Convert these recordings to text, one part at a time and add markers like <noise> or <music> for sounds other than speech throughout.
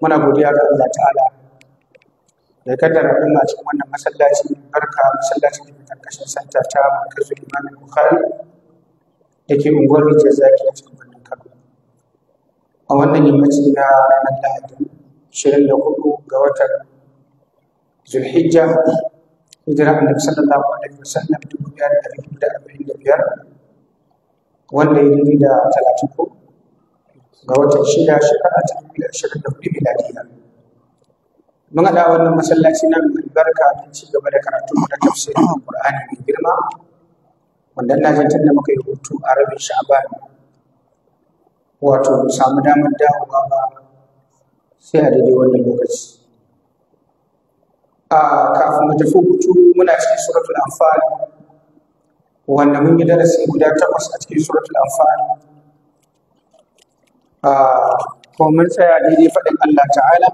muna godiya ga Allah ta'ala da ya kaddara mu a cikin wannan masallaci barka masallaci da karkashin santa ta makarfi imamin bukhari da ke unguwar rijiyar zaki a cikin birnin kano a wannan yammaci na ranar lahadi shirin da hudu ga watan zulhijja hijira nufi sallallahu alaihi wasallam dubu biyar da dubu da arba'in da biyar wanda ya yi da talatin ko ga watan shida shekara ta dubu da ashirin da hudu miladiya mun haɗa wannan masallaci na mai albarka don ci gaba da karatun da tafsirin alƙur'ani mai girma wanda na jantar da muka yi hutu a rabin sha'ban wato samu damar dawowa ba sai a daidai wannan lokaci a kafin mu tafi hutu muna cikin suratul anfal wanda mun yi darasi guda takwas a cikin suratul anfal ko mun tsaya daidai faɗin Allah ta'ala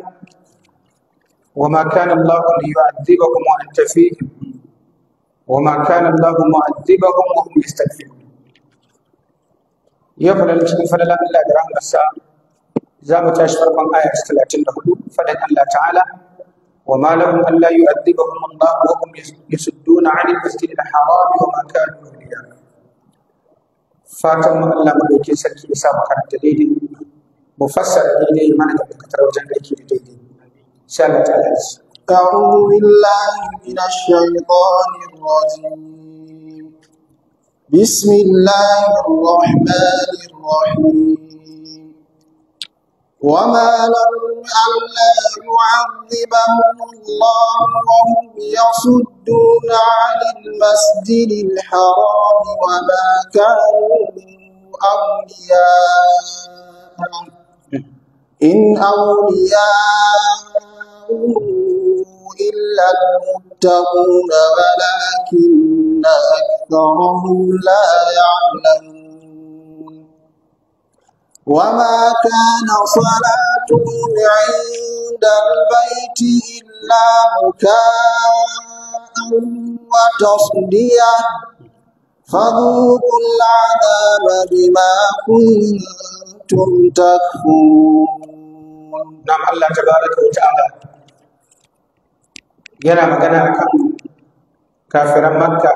wa ma kana Allah li yu'adhibahum kuma an tafi, wa ma kana Allah mu'adhibahum kuma an yastaghfirun ya fara cikin fadalan Allah da rahmarsa za mu tashi farkon aya ta 34 faɗin Allah ta'ala وما لهم ألا يعذبهم a وهم يصدون عن المسجد الحرام وما fatan mu Allah madaukin sarki ya sa mu karanta daidai mu fassara daidai mana da bukatar wajen aiki da daidai insha Allah ta'ala أعوذ بالله من الشيطان الرجيم بسم الله الرحمن الرحيم وما لهم ألا يعذبهم الله وهم يصدون عن المسجد الحرام وما كانوا أولياء إن أولياء إلا المتقون ولكن أكثرهم لا يعلمون وما كان صلاتهم عند البيت إلا مكاء وتصدية فذوقوا العذاب بما كنتم تكفرون نعم الله تبارك وتعالى يلا مغنى أكبر كافر مكة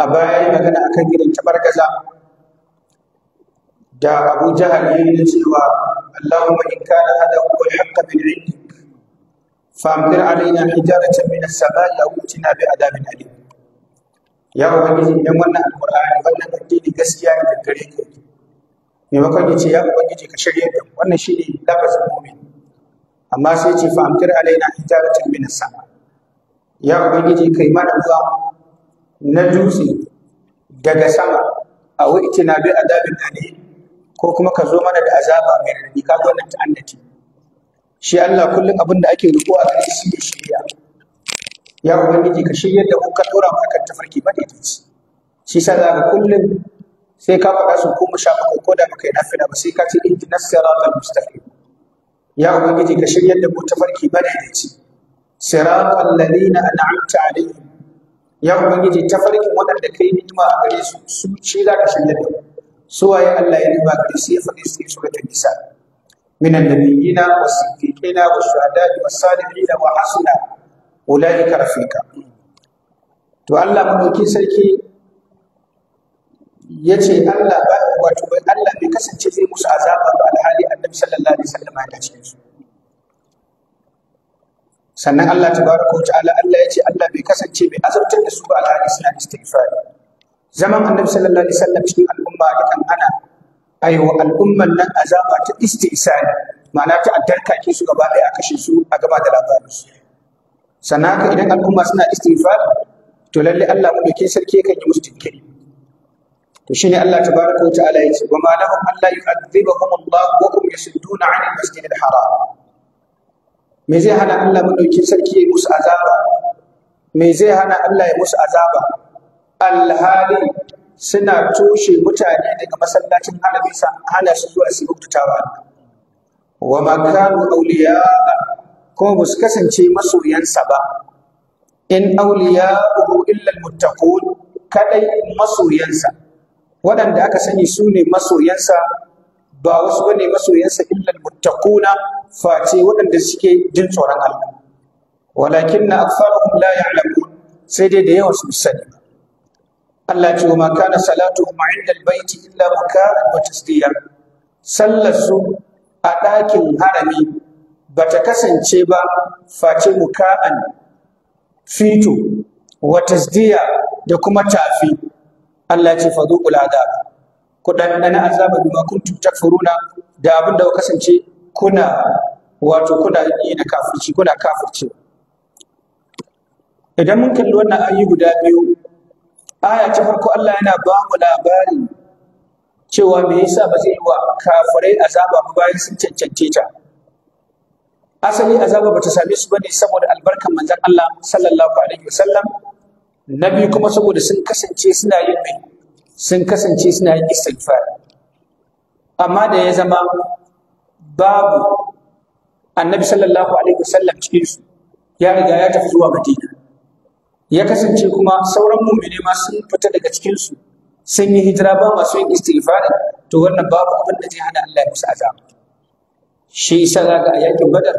أبايا يرى مغنى كم يرى تبارك وتعالى da abu jahal ya yi cewa allahumma in kana hada huwa alhaqqa min indik famtir alaina hijaratan min as-sama'i aw utina bi adabin alim ya ubangiji idan wannan alqur'ani wannan addini gaskiya ne gare ka maimakon ya ce ya ubangiji ka shirye da wannan shine lafazin mu'min amma sai ce famtir alaina hijaratan min as-sama'i ya ubangiji kai mana zuwa na dutse daga sama a waitina bi adabin alim ko kuma ka zo mana da azaba mai rabi ka ga wannan ta'annati shi Allah kullum abin da ake riko a gare shi ne shirya ya ubangiji ka shirya da mu ka dora mu akan tafarki madaidaici shi sa za ka kullum sai ka faɗa su goma sha bakwai ko da baka yi nafila ba sai ka ce ihdina sirata mustaqim ya ubangiji ka shirya da mu tafarki madaidaici sirata ladina an'amta alaihim ya ubangiji tafarkin waɗanda kai ni'ima a gare su su za ka shirya da mu suwaye Allah ya nufa gare su ya faɗi su suratul nisa min annabiyina was-siddiqina was-shuhada'i was-salihina wa hasuna ulaika rafiqa to Allah madauki sarki yace Allah ba wato bai Allah bai kasance zai musu azaba ba alhali annabi sallallahu alaihi wasallam ya ce sannan Allah tabaraka wa ta'ala Allah yace Allah bai kasance bai azabtar da su ba alhali suna istighfari zaman annabi sallallahu alaihi wasallam cikin al'umma yakan ana aiwa al'umman nan azaba ta istisani ma'ana ta ke su gaba ɗaya a kashe su a gaba da labarinsu sannan haka idan al'umma suna istighfar to lalle Allah madaukin sarki kan yi musu jinkiri to shine Allah tabaraka wa ta'ala yace wa ma lahum an la yu'adhibahum Allah wa hum yasudduna 'an al-masjid al-haram me zai hana Allah madaukin sarki ya musu azaba me zai hana Allah ya musu azaba alhali suna toshe mutane daga masallacin harami sa hana su zuwa su rubutawa wa makanu auliya kuma ba su kasance masoyansa ba in awliya illa muttaqun kadai masoyansa waɗanda aka sani su ne masoyansa ba wasu bane masoyansa illa muttaquna face waɗanda suke jin tsoron Allah walakin na aktharuhum la ya'lamun sai dai da yawa su sani Allah ce wa ma kana ma inda albayti illa bukaan wa tasdiya sallar su a ɗakin harami ba ta kasance ba face muka'an fito wa tasdiya da kuma tafi Allah ce zuqul adab ku dan azaba bima kuntum takfuruna da abin da kasance kuna wato kuna yi da kafirci kuna kafirci idan mun kalli wannan ayi guda biyu aya ta farko Allah yana ba mu labari cewa me yasa ba zai yi wa kafirai azaba ba bayan sun cancance ta asali azaba ba ta same su bane saboda albarkan manzon Allah sallallahu alaihi wasallam nabi kuma saboda sun kasance suna yin mai sun kasance suna yin istighfar amma da ya zama babu annabi sallallahu alaihi wasallam cikin su ya riga ya tafi zuwa madina ya kasance kuma sauran mummine ma sun fita daga cikin su sun yi hijira ba masu yin istighfari to wannan babu abin da zai hana Allah ya musu azaba shi yasa zaga a yakin badar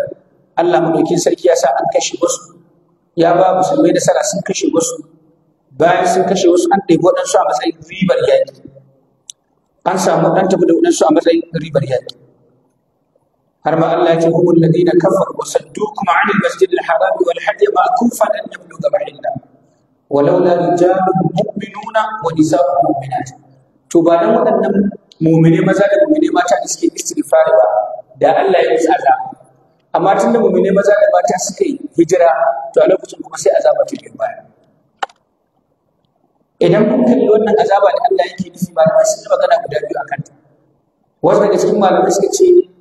Allah madaukin sarki ya sa an kashe wasu ya ba musulmai da sara sun kashe wasu bayan sun kashe wasu an ɗebi waɗansu a matsayin ribar yaƙi an samu ɗan tafi da waɗansu a matsayin ribar yaƙi har ma Allah ya ce humul ladina kafaru wa ma'anin 'anil masjidil haram wal hadi ma kufa an yabluga mahinda walaula rijalun mu'minuna wa nisa'un mu'minat to ba dan waɗannan mu'mine maza da mu'mine mata da suke istighfar ba da Allah ya yi azaba amma tunda mu'mine maza da mata suke yi hijira to a lokacin kuma sai azaba ta biyo baya idan kun kalli wannan azaba da Allah yake nufi malamai sun yi magana guda biyu akan ta wasu daga cikin malamai suka ce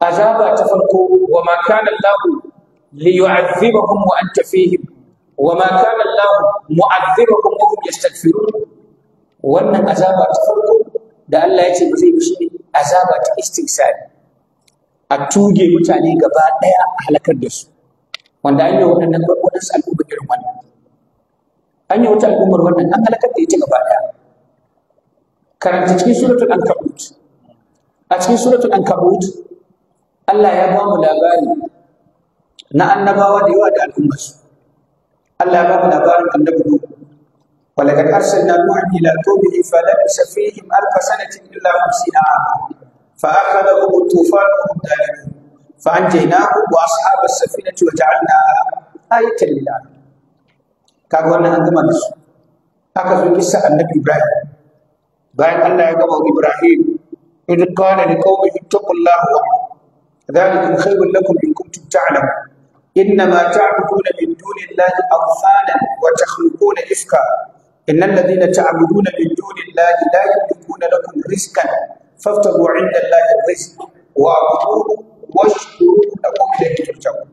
azaba ta farko wa ma kana Allah li yu'adhibahum wa anta fihim wa ma kana Allah mu'adhibahum wa hum yastaghfirun wannan azaba ta farko da Allah ya ce ba zai yi shi azaba ta istiksari a tuge mutane gaba daya a halakar da su wanda an yi waɗannan waɗansu al'ummar irin wannan an yi wata al'ummar wannan an halakar da ita gaba daya karanta cikin suratul ankabut a cikin suratul ankabut Allah ya ba mu labari na annabawa da yawa da al'ummarsu Allah ya ba mu labarin annabi Nuhu ولقد أرسلنا نوحا إلى قومه فلبث فيهم Fa an إلا خمسين عاما فأخذهم الطوفان وهم ظالمون فأنجيناه وأصحاب السفينة وجعلناها آية للعالمين kaga wannan an gama da su aka zo kissa annabi ibrahim bayan allah ya gama ibrahim idh kawai liqaumihi ittaqullaha wa ذلكم خير لكم إن كنتم تعلمون إنما تعبدون من دون الله أوثانا وتخلقون إفكا إن الذين تعبدون من دون الله لا يملكون لكم رزقا فافتروا عند الله الرزق واعبدوه واشكروا له إليه ترجعون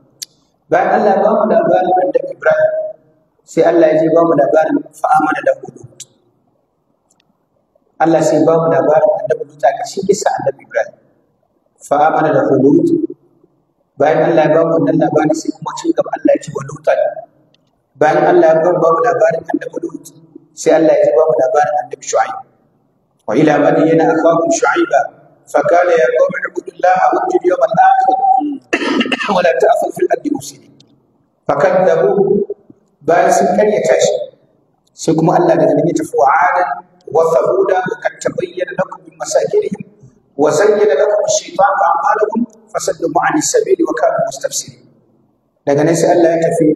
بعد الله بام الأبان عند إبراهيم sai Allah ya je ba mu labarin fa'amana da hudu Allah sai ba mu labarin annabi ta kashi kisa annabi Ibrahim fa amana da hudud bayan Allah ya ba mu wannan labari sai kuma cin gaba Allah ya ci wa lutan bayan Allah ya ba mu labarin annabi lut sai Allah ya ba mu labarin annabi shu'aib wa ila madiyana akhakum shu'aiba fa kana ya qawmi ibudullaha wa tujil yawm al-akhir <coughs> wa la ta'fu fil ardi mufsidin fa kadzabu bayan sun karyata tashi. sai kuma Allah daga nan ya tafi wa adan wa thabuda wa kad tabayyana lakum min masakinihim وزين لكم الشيطان أعمالكم فصدوا عن السبيل وكانوا مستبصرين daga nan Allah ya tafi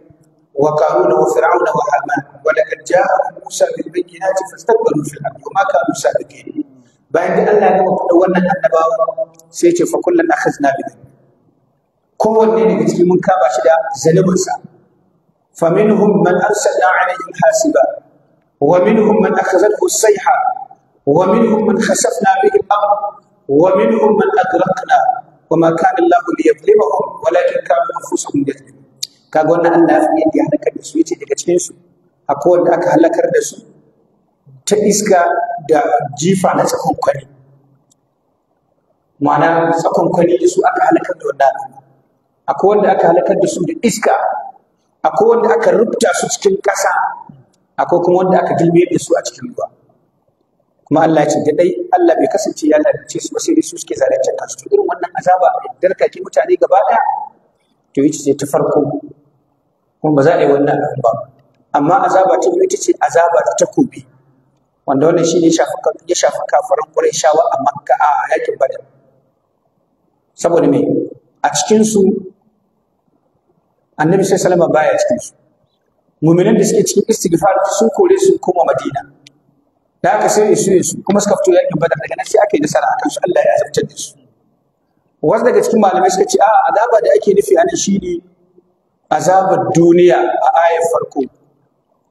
wa qaruna wa fir'auna wa haman wa laqad ja'a musa bil bayyinati fastakbaru fil ardi wa ma bayan da Allah ya faɗa wannan annabawa sai ya ce a kullan akhazna bi kowanne daga cikin mun kaba shi da zalubin sa fa minhum man wa wa ومنهم من أدركنا وما كان الله ليظلمهم ولكن كانوا أنفسهم يظلمون kaga wannan Allah ya yadda halakar da su yace daga cikin su akwai wanda aka halakar da su ta iska da jifa na tsakon ma'ana tsakon kwari su aka halakar da wannan al'umma akwai wanda aka halakar da su da iska akwai wanda aka rubuta su cikin ƙasa akwai kuma wanda aka dilbe da su a cikin ruwa kuma Allah ya ce da dai Allah bai kasance ya lalace su ba sai su suke zalunce kansu irin wannan azaba darka ke mutane gaba ɗaya to ita ce ta farko kuma ba za a yi wannan abin ba amma azaba ta biyu ita ce azaba ta takobi wanda wannan shi ne ya shafi kafaran Qurayshawa a Makka a yakin Badar saboda me a cikin su Annabi sallallahu alaihi wasallam baya cikin su mu'minan da suke cikin istighfar sun kore su koma Madina da haka sai ya shirye su kuma suka fito yakin badar daga nan sai aka yi nasara akan su Allah ya azabtar da su wasu daga cikin malamai suka ce a azaba da ake nufi anan shine azabar duniya a ayar farko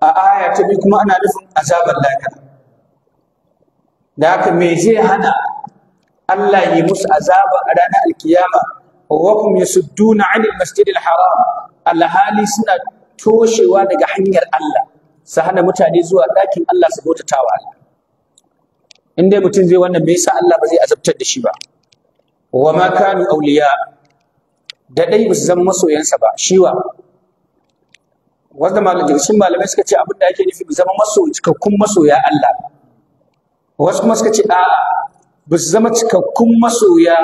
a aya ta biyu kuma ana nufin azabar lahira da haka me zai hana Allah yi musu azaba a ranar alkiyama wa kum yasudduna 'anil masjidil haram alhali suna toshewa daga hanyar Allah su hana mutane zuwa ɗakin Allah su bautatawa Allah in dai mutum zai wannan bai sa Allah ba zai azabtar da shi ba wa ma kanu awliya da dai ba zama masoyansa ba shiwa wanda malamai sun malamai suka ce abin da yake nufi zama maso cikakkun masoya Allah wasu kuma suka ce a ba su zama cikakkun masoya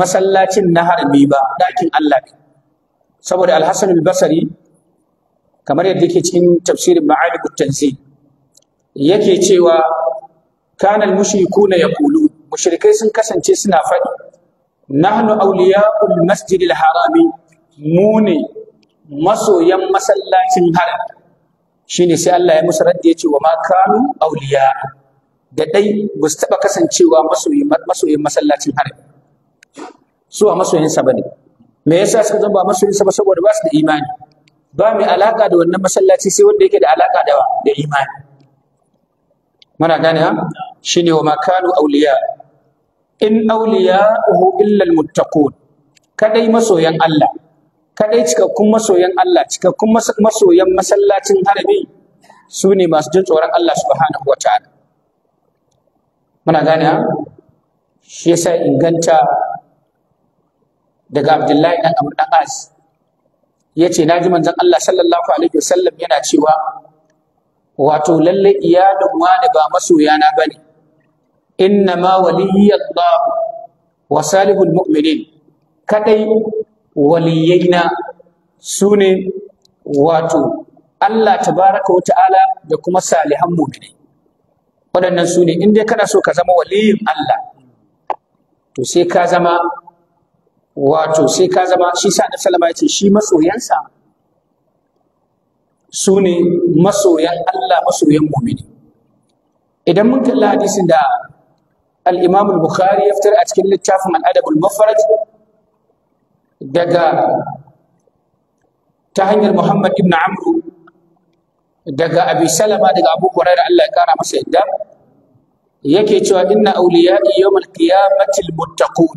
masallacin na harbi ba ɗakin Allah ne saboda alhassan albasari kamar yadda yake cikin tafsirin ma'alikut tanzil yake cewa kana al-mushrikuna yaqulu mushrikai sun kasance suna faɗi nahnu awliya'ul masjidil harami mu ne masoyan masallacin haram shine sai Allah ya musu radda yace wa ma kanu awliya da dai ba su taba kasancewa masoyan masallacin haram su a masoyan sa bane me yasa suka zama masoyin sa ba saboda ba su da imani ba mai alaka da wannan masallaci sai wanda yake da alaka da da imani muna gane ha shine wa makanu auliya in auliya'uhu illa almuttaqun kadai masoyan Allah kadai cikakkun masoyan Allah cikakkun masoyan masallacin harami sune masu jin tsoron Allah subhanahu wataala muna gane shi yasa inganta daga Abdullahi dan Amr dan ce na ji manzon Allah sallallahu alaihi wasallam yana cewa wato lalle iyalin wani ba masoyana ne. ma waliyallah wa salihul mu'minin kadai waliyaina sune wato Allah tabaraka wa ta'ala da kuma salihan mu'minai waɗannan su ne in dai kana so ka zama waliyin Allah to sai ka zama wato sai ka zama shi sa da salama ya ce shi masoyansa Sune ne masoyan Allah masoyan mumini idan mun kalla hadisin da al-Imam bukhari ya fitar a cikin littafin al-Adab al daga ta hanyar Muhammad ibn Amru, daga Abisalama daga Abu Hurairah Allah ya kara masa yadda yake cewa inna awliya'i yawmal qiyamati al-muttaqun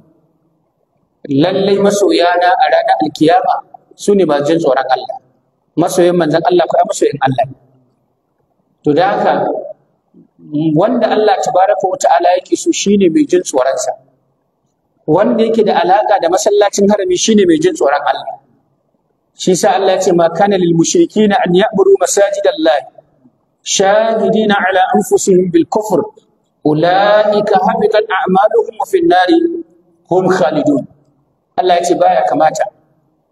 lallai masoyana a ranar alkiyama su ne masu tsoron Allah masoyin manzon Allah ko masoyin Allah to da haka wanda Allah tabaraka wata'ala yake so shine mai jin sa. wanda yake da alaka da masallacin harami shine mai jin tsoron Allah shi sa Allah ya ce ma kana lil mushrikina an ya'muru masajidallahi shahidina ala anfusihim bil kufr ulaika habitat a'maluhum wa fin hum khalidun Allah ya ce baya kamata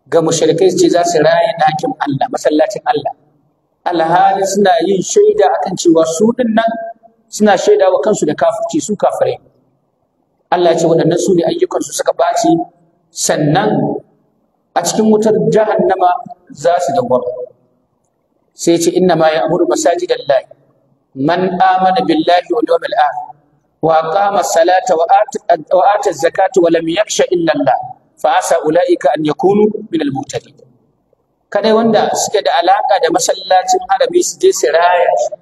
ga mushrikai ce za su raye ɗakin Allah masallacin Allah alhali suna yin shaida akan cewa su din nan suna shaida wa kansu da kafirci su kafirai Allah ya ce waɗannan su ne ayyukansu suka ɓaci sannan a cikin wutar jahannama za su dawwama sai ce inna ma ya'muru masajidallahi man amana billahi wal yawmil akhir wa aqama salata wa ata zakata wa lam yakhsha illa Allah fa asa ulaika an yakunu min al muhtadin kada wanda suke da alaka da masallacin harami su je su raya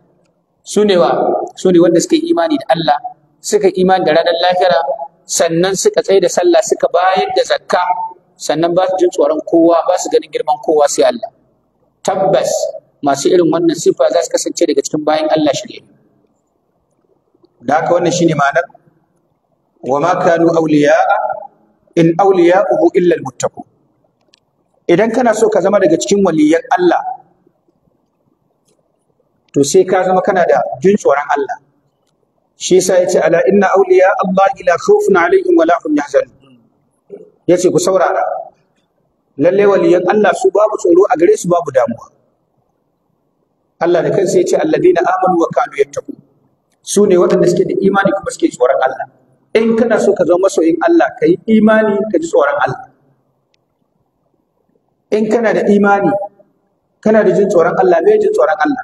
su ne wanda suka yi imani da Allah suka yi imani da ranar lahira sannan suka tsaye da sallah suka bayar da zakka sannan ba su jin tsoron kowa ba su ganin girman kowa sai Allah tabbas masu irin wannan sifa za su kasance daga cikin bayan Allah shirye da haka wannan shine ma'anar wa ma kanu awliya'a in awliya'uhu illa almuttaqun idan kana so ka zama daga cikin waliyan Allah to sai ka zama kana da jin tsoron Allah shi yasa yace ala inna awliya Allah ila khawfun alaihim wala hum yahzanun yace ku saurara lalle waliyan Allah su babu tsoro a gare su babu damuwa Allah da kansa yace alladina amanu wa kanu yattaqun su ne waɗanda suke da imani kuma suke tsoron Allah in kana so ka zama masoyin Allah ka yi imani ka ji tsoron Allah in kana da imani kana da jin tsoron Allah me jin tsoron Allah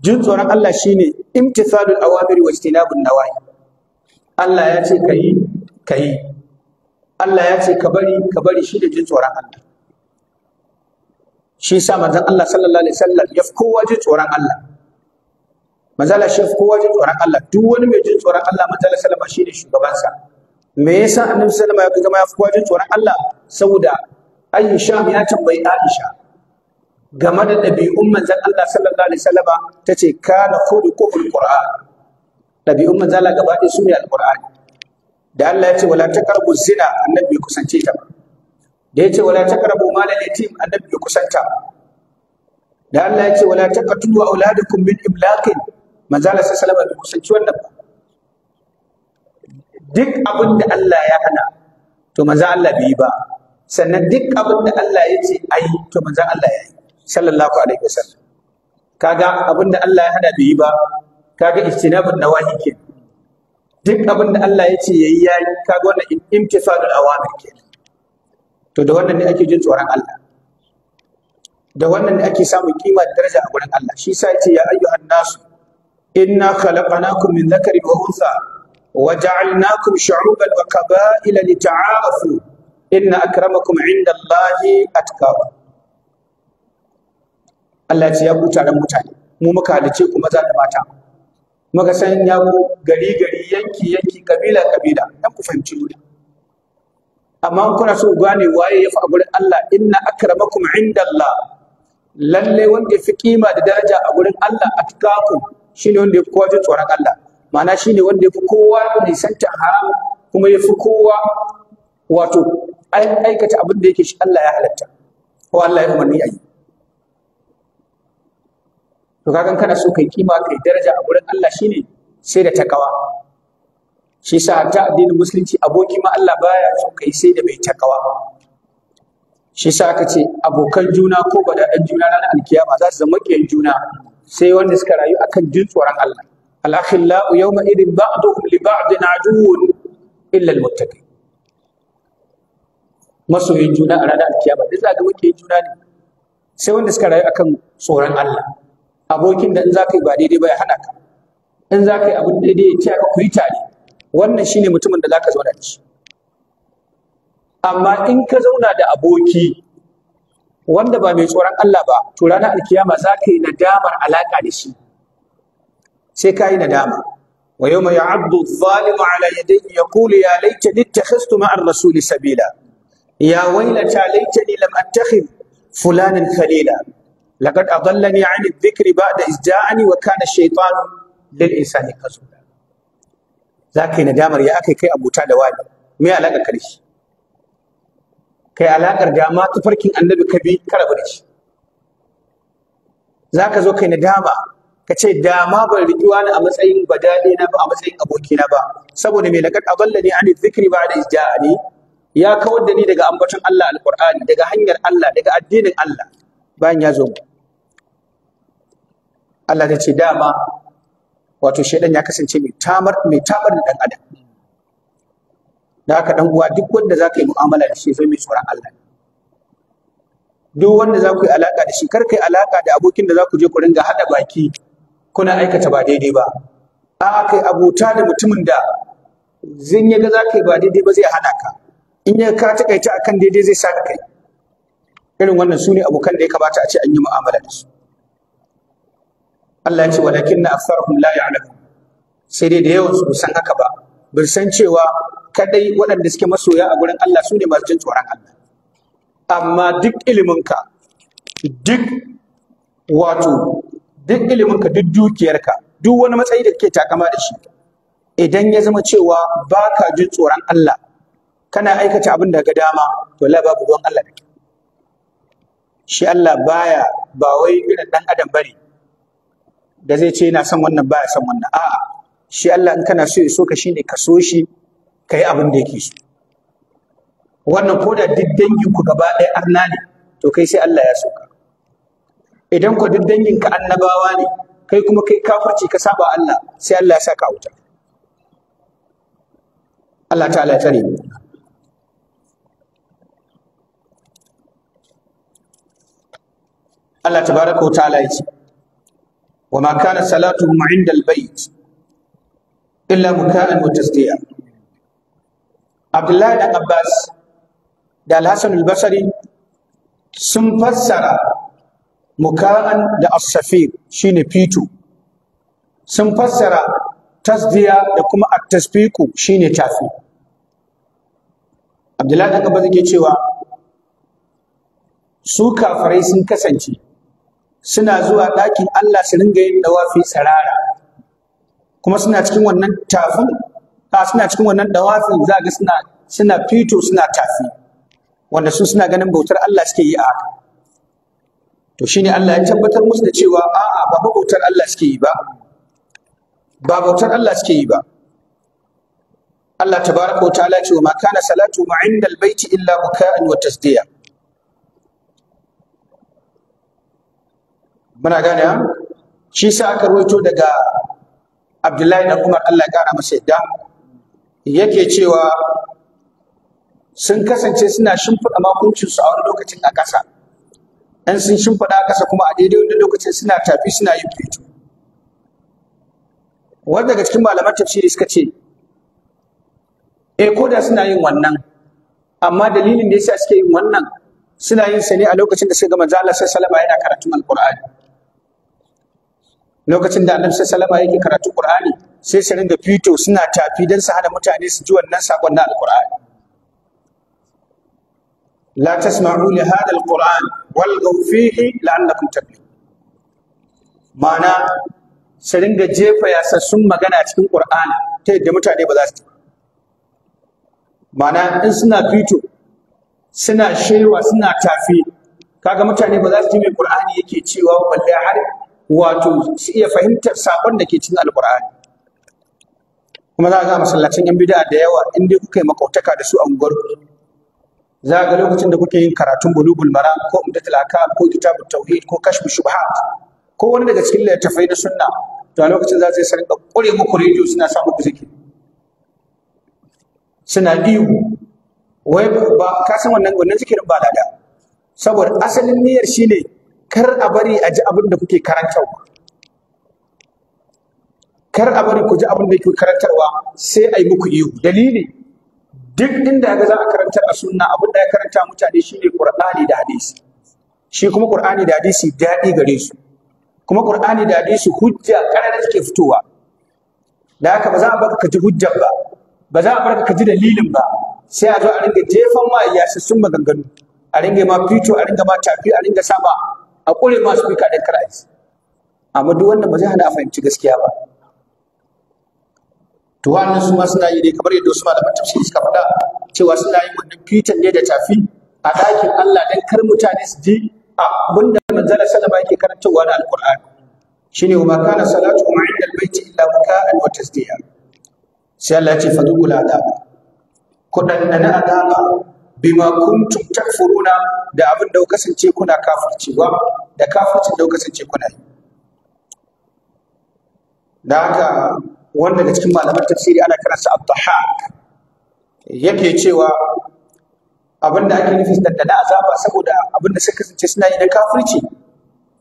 jin tsoron Allah shine imtithalul awamiri wa ijtinabun nawahi Allah ya ce kai kai Allah ya ce ka bari ka bari shi da jin tsoron Allah shi sa manzon Allah sallallahu alaihi wasallam ya fi kowa jin tsoron Allah manzala shi fi kowa jin tsoron Allah duk wani mai jin tsoron Allah manzala sallama shi ne sa. me yasa annabi sallama ya zama ya fi kowa jin tsoron Allah saboda Aisha ya tambayi Aisha game da ɗabi'un manzan Allah sallallahu alaihi wasallama ta ce kana ko qur'an ɗabi'un manzan Allah gaba ɗaya ne alqur'ani da Allah ya ce wala taqrabu zina annabi bai kusance ta ba da ya ce wala taqrabu mal yatim annabi bai kusanta da Allah ya ce wala taqtulu auladakum min iblaqin manzan Allah sallallahu alaihi wasallama bai kusanci wannan ba duk abin da Allah ya hana to manzan Allah bai yi ba sannan duk abin da Allah ya ce to manzan Allah ya yi sallallahu alaihi wasallam kaga abinda Allah ya hada da yi ba kaga ijtinabun nawahi ke duk abinda Allah ya ce yayi yayi kaga wannan imtisalul awamir ke to da wannan ne ake jin tsoron Allah da wannan ne ake samun kima da daraja a gurin Allah shi yasa yace ya ayyuhan nasu inna khalaqnakum min dhakarin wa untha wa ja'alnakum shu'uban wa qaba'ila lita'arafu inna akramakum 'inda Allahi atqakum Allah ya ce ya ku mutane mu muka halice ku maza da mata muka san ya ku gari gari yanki yanki kabila kabila dan ku fahimci mu amma kuna so gane waye ya fa gurin Allah inna akramakum indallah lalle wanda fi kima da daraja a gurin Allah atqakum shine wanda ya fi kowa jin tsoron Allah ma'ana shine wanda ya fi kowa santa haram kuma ya fi kowa wato aikata abin da yake shi Allah ya halatta ko Allah ya umarni a to kagan kana so kai kima kai daraja a gurin Allah shine sai da takawa shi yasa hatta addinin musulunci aboki ma Allah baya so kai sai da mai takawa shi yasa aka ce abokan juna ko ba badaɗan juna ranar alkiyama za su zama ƙiyan juna sai wanda suka rayu akan jin tsoron Allah al-akhillau yawma idin ba'duhum li ba'din aduwwun illa al-muttaqin masoyin juna a ranar alkiyama duk da muke juna ne sai wanda suka rayu akan tsoron Allah abokin da in za ka yi ba daidai ba ya hana ka in za ka yi abin daidai ya taya ka ku yi tare wannan shine mutumin da za ka zauna da shi amma in ka zauna da aboki wanda ba mai tsoron Allah ba to ranar alkiyama za ka yi nadamar alaƙa da shi sai ka yi nadama wa yau mai abdu zalimu ala yadayhi ya kula ya laita nittakhistu rasuli sabila ya wailata laitani lam attakhid fulanan khalila laqad adallani 'ani dhikri ba'da izja'ani wa kana shaytanu lil insani qasula zaka yi nadamar ya akai kai abuta da wani me alaka karshe kai alakar da ma tafarkin annabi ka bi ka rabu da shi zaka zo kai nadama ka ce da ma ban riƙi wani a matsayin badade na ba a matsayin abokina ba saboda me laqad adallani 'ani dhikri ba'da izja'ani ya kawar da ni daga ambaton Allah alqur'ani daga hanyar Allah daga addinin Allah bayan ya Allah ta ce dama wato shaidan ya kasance mai tamar mai tamar da dan adam da haka dan uwa duk wanda za ka yi mu'amala da shi zai mai tsoron Allah duk wanda za ku yi alaka da shi kar kai alaka da abokin da za ku je ku ringa hada baki kuna aikata ba daidai ba a'a kai abota da mutumin da zin ya ga za ka yi ba daidai ba zai hana ka in ya ka taƙaita akan daidai zai sa kai irin wannan su ne abokan da ya kamata a ce an yi mu'amala da su Allah ya ce walakin na aksarahum la ya'lamun sai dai da yawan su san haka ba bin san cewa kadai waɗanda suke masoya a gurin Allah su ne masu jin tsoron Allah amma duk iliminka duk wato duk iliminka duk dukiyarka duk wani matsayi da kake takama da shi idan ya zama cewa baka jin tsoron Allah kana aikata abin da ga dama to la babu don Allah da shi Allah baya ba wai irin dan adam bane da zai ce yana son wannan baya son wannan a'a shi Allah in kana so ya so ka shine ka so shi ka yi abin da yake so wannan ko da duk dangin ku gaba ɗaya arna ne to kai sai Allah ya so ka idan ku duk dangin ka annabawa ne kai kuma kai kafirci ka saba Allah sai Allah ya saka wuta Allah ta'ala ya tare Allah tabaraka wa ta'ala ya ce وما كانت صلاتهم عند البيت إلا مكاء وتصديعا عبد الله بن عباس da Al-Hassan al sun fassara muka'an da as shine fito sun fassara tasdiya da kuma at-tasfiqu shine tafi Abdullahi dan Abbas yake cewa su kafirai sun kasance suna zuwa ɗakin Allah su ringa yin dawafi sarara kuma suna cikin wannan tafin a suna cikin wannan dawafin za ga suna suna fito suna tafi wanda su suna ganin bautar Allah suke yi a haka to shine Allah ya tabbatar musu da cewa a'a ba bautar Allah suke yi ba ba bautar Allah suke yi ba Allah tabaraka wa ta'ala ce wa ma kana salatu ma inda albayti illa buka'an wa tasdiya muna gane shi sa aka rawaito daga Abdullahi dan Umar Allah ya kara masa yadda yake cewa sun kasance suna shimfiɗa makuncinsu a wani lokacin a ƙasa ɗan sun shimfiɗa a ƙasa kuma a daidai wani lokacin suna tafi suna yin fito wani daga cikin malaman tafsiri suka ce e ko da suna yin wannan amma dalilin da yasa suke yin wannan suna yin sa ne a lokacin da suka ga manzo Allah sallallahu alaihi wasallam yana karatun alqur'ani lokacin da annabi sallallahu alaihi yake karatu qur'ani sai su ringa fito suna tafi dan su hada mutane su ji wannan sakon na alqur'ani la tasma'u li hadha alqur'an wal fihi la'annakum tadlun ma'ana su ringa jefa yasassun magana cikin qur'ani ta yadda mutane ba za su ma'ana in suna fito suna shewa suna tafi kaga mutane ba za su ji mai qur'ani yake cewa balle har wato su iya fahimtar sabon da ke cin alkur'ani kuma za ga masallacin yan bid'a da yawa in dai kuka yi makautaka da su a unguwar za ga lokacin da kuke yin karatun bulugul mara ko umdatul akam ko kitabut tauhid ko kashfu shubhat ko wani daga cikin littafai na sunna to a lokacin za su sarka kure muku radio suna sa muku zikiri suna ihu wai ba ka san wannan wannan zikirin ba lada saboda asalin niyyar shine ne kar a bari a ji abin da kuke karantarwa kar a bari ku ji abin da kuke karantarwa sai a yi muku ihu dalili duk inda ga za a karantar a sunna abin da ya karanta mutane shine qur'ani da hadisi shi kuma qur'ani da hadisi daɗi gare su kuma qur'ani da hadisi hujja karara suke fitowa da haka ba za a barka ka ji hujjar ba ba za a barka ka ji dalilin ba sai a zo a ringa jefan ma yasassun maganganu a ringa ma fito a ringa ma tafi a ringa sama a ƙure ma speaker ɗin a amma duk wanda ba zai hana a fahimci gaskiya ba to wannan su ma suna yi ne kamar yadda wasu malaman shi suka faɗa cewa suna yin wannan fitan ne da tafi a ɗakin Allah dan kar mutane su ji abin da manzala sallama yake karantarwa na alƙur'ani shine wa kana salatu ma inda albayti illa muka'an wa tasdiya sai Allah ya ce kula adaba ku dandana adaba bima kuntum takfuruna da abin da sance kuna ba da kafircin da sance kuna yi da haka wanda daga cikin malaman tafsiri ana kiransa abdahak yake cewa abin da ake nufi da na azaba saboda abin da suka kasance suna yi na kafirci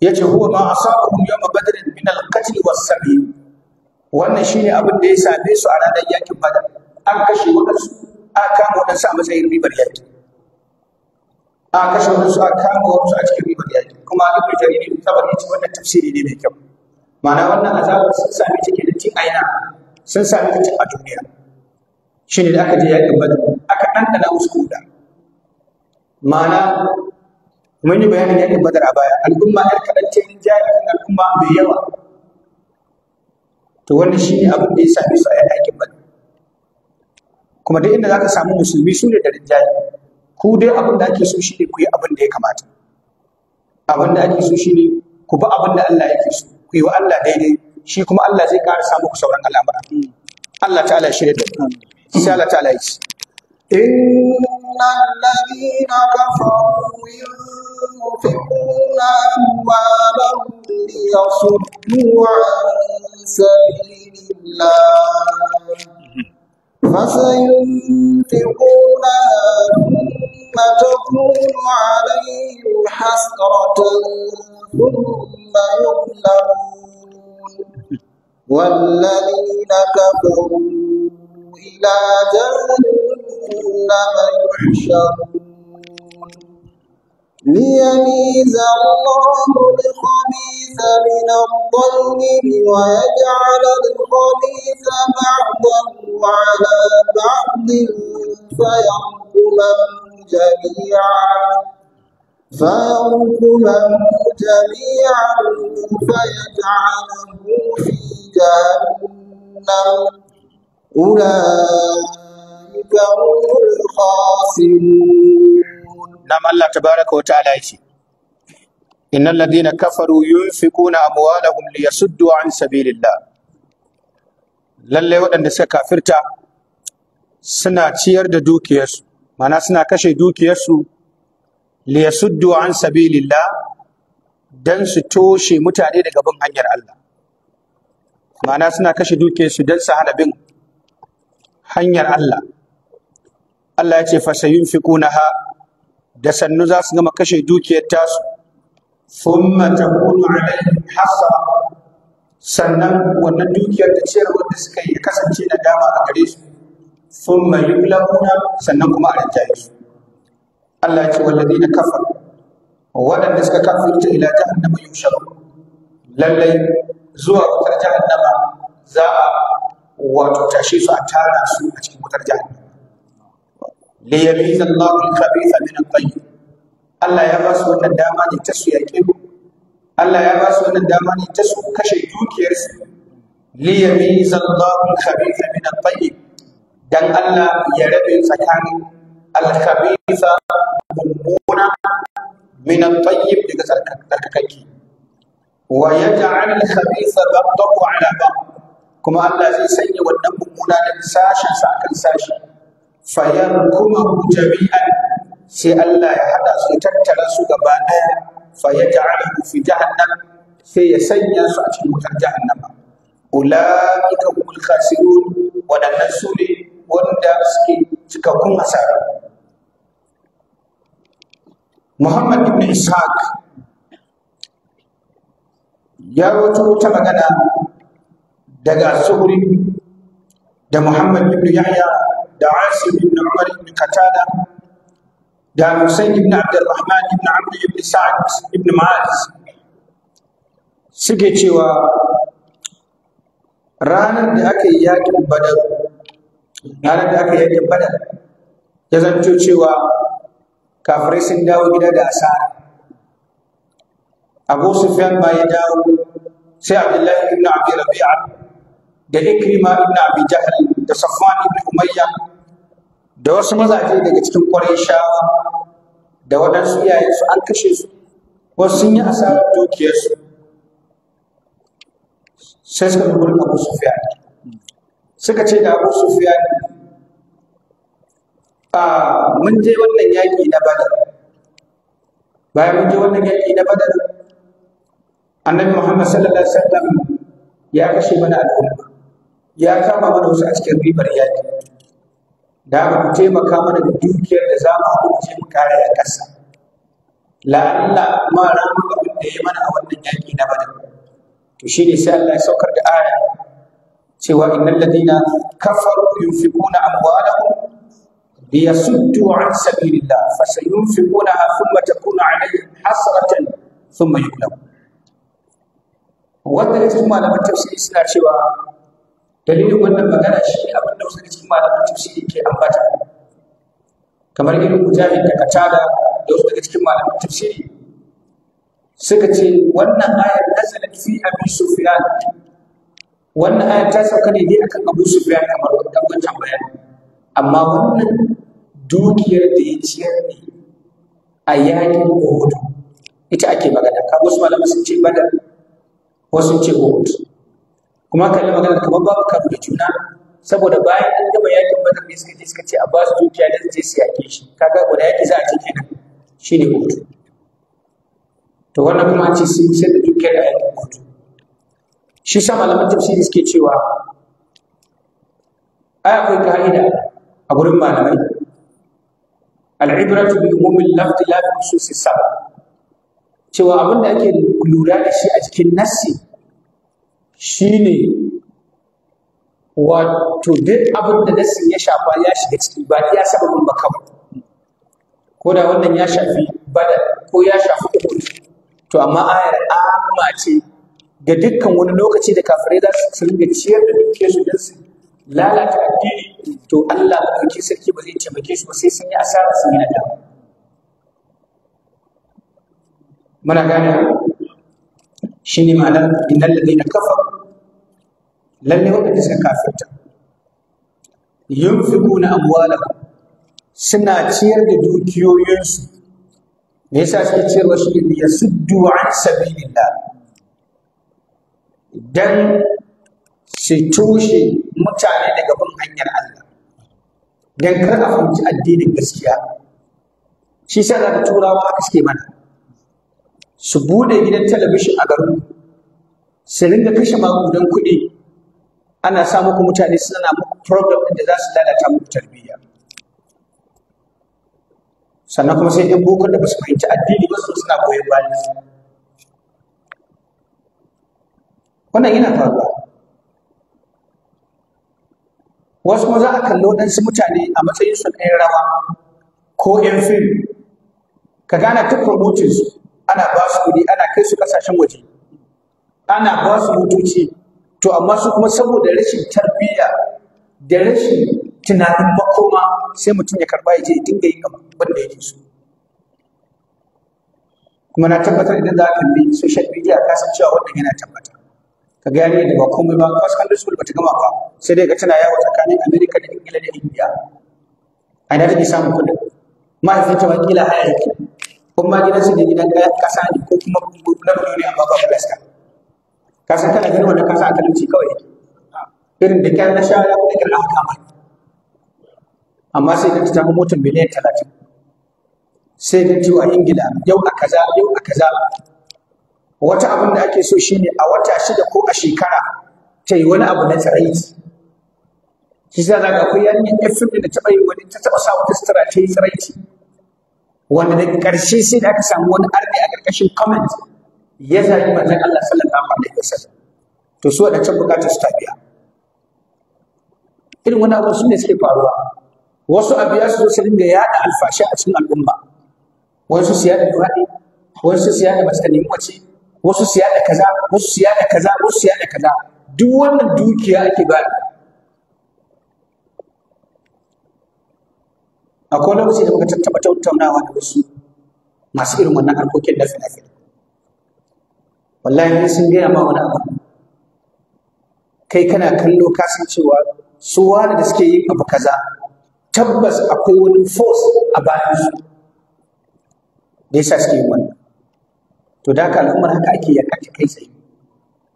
yace huwa ma asabakum yawma badrin min al-qatl was-sabi wannan shine abin da ya same su a ranar yakin badar an kashe wadansu an kama wadansu a matsayin ribar yaki a kashe wasu a kama wasu a cikin ribar yaƙi kuma ibnu jarir ta tabar yace wannan tafsiri ne mai kyau ma'ana wannan azabar sun sami cikin da tin aina sun sami cikin a duniya ne da aka je yaƙin bada, aka ɗanɗana musu kuda ma'ana mun yi bayanin yaƙin bada a baya al'umma ɗan kaɗan ce in jaya kan al'umma mai yawa to wannan ne abin da ya sami su a yaƙin bada? kuma duk inda ka samu musulmi su ne da rinjaye ku dai abin da ake so shi ne ku yi abin da ya kamata abin da ake so shi ne ku bi abin da Allah yake so ku yi wa Allah daidai shi kuma Allah zai ƙara sa muku sauran al'amura Allah ta'ala ya shirya da ku sai Allah ta'ala ya ce إن الذين كفروا ينفقون أموالهم ليصدوا عن سبيل فسينفقونها ثم تكون عليهم حسرة ثم يغلبون والذين كفروا إلى جهنم يحشرون ليميز الله الخبيث من الطيب ويجعل الخبيث بعضه على بعض فيركمه جميعا فيركمه جميعا فيجعله في جهنم أولئك هم الخاسرون nam Allah tabaraka wa ta'ala yace innal ladina kafaru yunfikuna amwalahum liyasuddu an sabilillah lalle waɗanda suka kafirta suna ciyar da dukiyarsu mana suna kashe dukiyarsu liyasuddu an sabilillah dan su toshe mutane daga bin hanyar Allah mana suna kashe dukiyarsu dan su hana bin hanyar Allah Allah ya ce fasayunfiqunaha da sannu za su gama kashe dukiyar tasu thumma takunu alaihim hasa sannan wannan dukiyar da ciyar wadda suka yi kasance na dama a gare su mai lamuna sannan kuma a rinjaye su Allah ya ce na kafa. waɗanda suka kafirta ila jahannama yusharu lallai zuwa wutar jahannama za a wato tashe su a tara su a cikin wutar jahannama liyamiza Allah al-khabitha Allah ya ba su wannan dama ne ta su yake ku Allah ya ba wannan dama ne ta su kashe dukiyar su liyamiza Allah al-khabitha dan Allah ya rabe tsakanin al-khabitha mummuna min at-tayyib daga tsarkakakki wa yaj'al al-khabitha ba'dahu 'ala kuma Allah zai sanya wannan mummuna sashin sa akan fayar kuma jami'an sai Allah ya haɗa su tattara su gaba ɗaya fayar ja'alahu fi jahannan, sai ya sanya su a cikin wutar jahannama ula'ika humul khasirun waɗannan su ne wanda suke cikakkun asara Muhammad ibn Ishaq ya wato ta magana daga Suhri da Muhammad ibn Yahya da Asim ibn Umar ibn Qatada da Hussein ibn Abdurrahman ibn Amr ibn Sa'd ibn Ma'az suke cewa ranar da aka yi yakin Badar ranar da aka yi yakin Badar ya zanto cewa kafirai sun dawo gida da asara Abu Sufyan ba ya dawo sai Abdullahi ibn Abi Rabi'a da Ikrima ibn Abi Jahl da Safwan ibn Umayya da wasu mazaje daga cikin kwarin shawa da waɗansu iyayensu an kashe su ko sun yi asarar dukiyarsu sai suka zubar abu sufiyan suka ce da abu sufiyan a ah, mun je wannan yaƙi na badar bayan mun je wannan yaƙi na badar annabi muhammad sallallahu alaihi wasallam ya kashe mana al'umma ya kama mana wasu a cikin ribar yaƙi da aka ku taimaka mana da dukiyar da za mu haɗu mu je mu kare a ƙasa la'alla ma ramu abin da ya mana a wannan yaƙi na bada to shi ne sai Allah ya saukar da aya cewa innal ladina kafaru yunfiquna amwalahum liyasuddu an sabilillah fa sayunfiqunaha thumma takunu alaihim hasratan thumma yuqlabu wanda ya cikin malaman tafsiri suna cewa dalilin wannan magana shi ne abin da wasu daga cikin malaman tafsiri ke ambata kamar irin mujahid da katada da wasu daga cikin malaman tafsiri suka ce wannan ayar nazalat fi abi sufyan wannan ayar ta sauka ne dai akan abu sufyan kamar wannan wancan bayani amma wannan dukiyar da ya ciyar ne a yakin uhud ita ake magana kaga wasu malaman sun ce badar wasu sun ce uhud kuma kalli magana kamar babu karu da juna saboda bayan an gama yakin badar ne suka je suka ce a ba su dukiya da su je su yake shi kaga guda yaki za a ce kenan ne hutu to wannan kuma an ce sun kusa da dukiyar da yakin hutu shi sa malaman tafsiri suke cewa ai akwai ka'ida a gurin malamai al'ibratu bi umumin lafti lafi khususi sab cewa abin da ake lura da shi a cikin nassi shine wato duk abin da nasin ya shafa ya shiga ciki ba ya sababin ba ko da wannan ya shafi bada ko ya shafi uku. to amma ayar amma ce ga dukkan wani lokaci da kafirai za su ringa ciyar da su don su lalata addini to Allah ke sarki ba zai taimake su ba sai sun yi asara sun yi nadama muna gane shi ne ma'anar innal na kafa lalle waɗanda suka kafirta na abuwa suna ciyar da dukiyoyinsu me yasa suke ciyarwa shi ne yasuddu an sabilillah dan su toshe mutane daga bin hanyar Allah dan kar a fahimci addinin gaskiya shi sa da turawa aka suke mana su bude gidan talabishin a garin su ringa kashe makudan kuɗi ana sa muku mutane suna muku program da za su lalata muku tarbiyya sannan kuma sai ɗan bokon da ba su fahimci addini ba su suna goyon bayan wannan yana faruwa wasu kuma za a kalli waɗansu mutane a matsayin su ɗan rawa ko ƴan fim ka gana ta promoting su ana ba su kuɗi ana kai su kasashen waje ana ba su mutunci to amma su kuma saboda rashin tarbiyya da rashin tunanin makoma sai mutum ya karba ya je ya dinga yin abin da yake so kuma na tabbatar idan za a kalli social media ka san cewa wannan yana tabbata ka ga yarinya da ba komai ba ka san su ba ta gama ba sai dai ka tana yawo tsakanin America da Ingila da India a ina take samun kuɗin mahaifinta wakila a haya yake kuma gidan su ne gidan kasa ne ko kuma na bulo ne a ba plaska Kasa ta kana gidan wannan kasa a talauci kawai irin da kyan na sha ya kuma kira haka ma amma sai ka tafi motar miliyan talatin sai ka ciwo ingila yau a kaza yau a kaza wata abin da ake so shine a wata shida ko a shekara ta yi wani abu na tsiraici shi za ga akwai yanayin fm da ta yi wani ta taɓa sa wata sutura ta yi tsiraici wanda daga ƙarshe sai da aka samu wani arbi a ƙarƙashin comment ya zaɓi manzon Allah sallallahu alaihi wasallam to su waɗancan buƙatar su ta biya irin wani abu ne suke faruwa wasu abu ya su zo su dinga yaɗa alfashi a cikin al'umma wasu su yaɗa duwaɗi wasu su yaɗa mace nemi mace wasu su yaɗa kaza wasu su yaɗa kaza wasu su yaɗa kaza duk wannan dukiya ake bayarwa akwai lokaci da muka tattaba tattaunawa da wasu masu irin wannan harkokin da fina wallahi sun gaya ma wani abu kai kana kallo ka cewa su wani da suke yin abu kaza tabbas akwai wani force a bayan su da yasa suke yin wannan to da haka al'ummar haka ake ta kai tsaye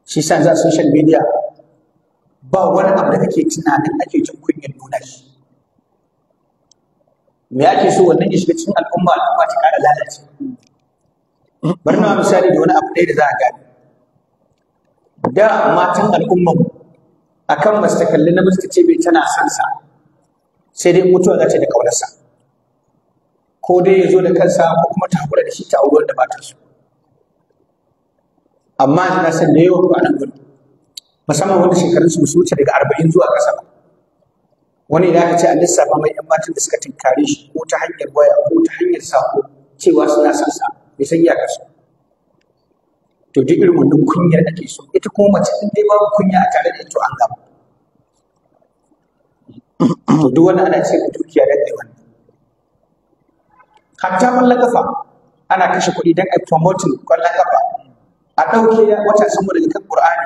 shi sa za social media ba wani abu da kake tunanin ake jin kunyar nuna shi me ake so wannan ya shiga cikin al'umma al'umma ta ƙara lalace bari na misali da wani abu ɗaya da za a gani da matan al'umman akan ba su kalli namiji ta ce bai tana son sa sai dai mutuwa za ta da ƙaunarsa ko dai ya zo da kansa ko kuma ta haƙura da shi ta auri wanda ba ta so amma na san da yawa ba nan gudu musamman wanda shekarunsu su wuce daga arba'in zuwa ƙasa ba wani idan aka ce a lissafa mai yan matan da suka tinkare shi ko ta hanyar waya ko ta hanyar sako cewa suna son sa bai san iyakar su to duk irin wannan kunyar ake so ita kuma mace in dai babu kunya a tare da ita an gaba <clears throat> duk wani ana ce dukiya da kai wannan hatta kwallon kafa ana kashe kuɗi don a promoting kwallon kafa a ɗauke wata sama daga kan ƙur'ani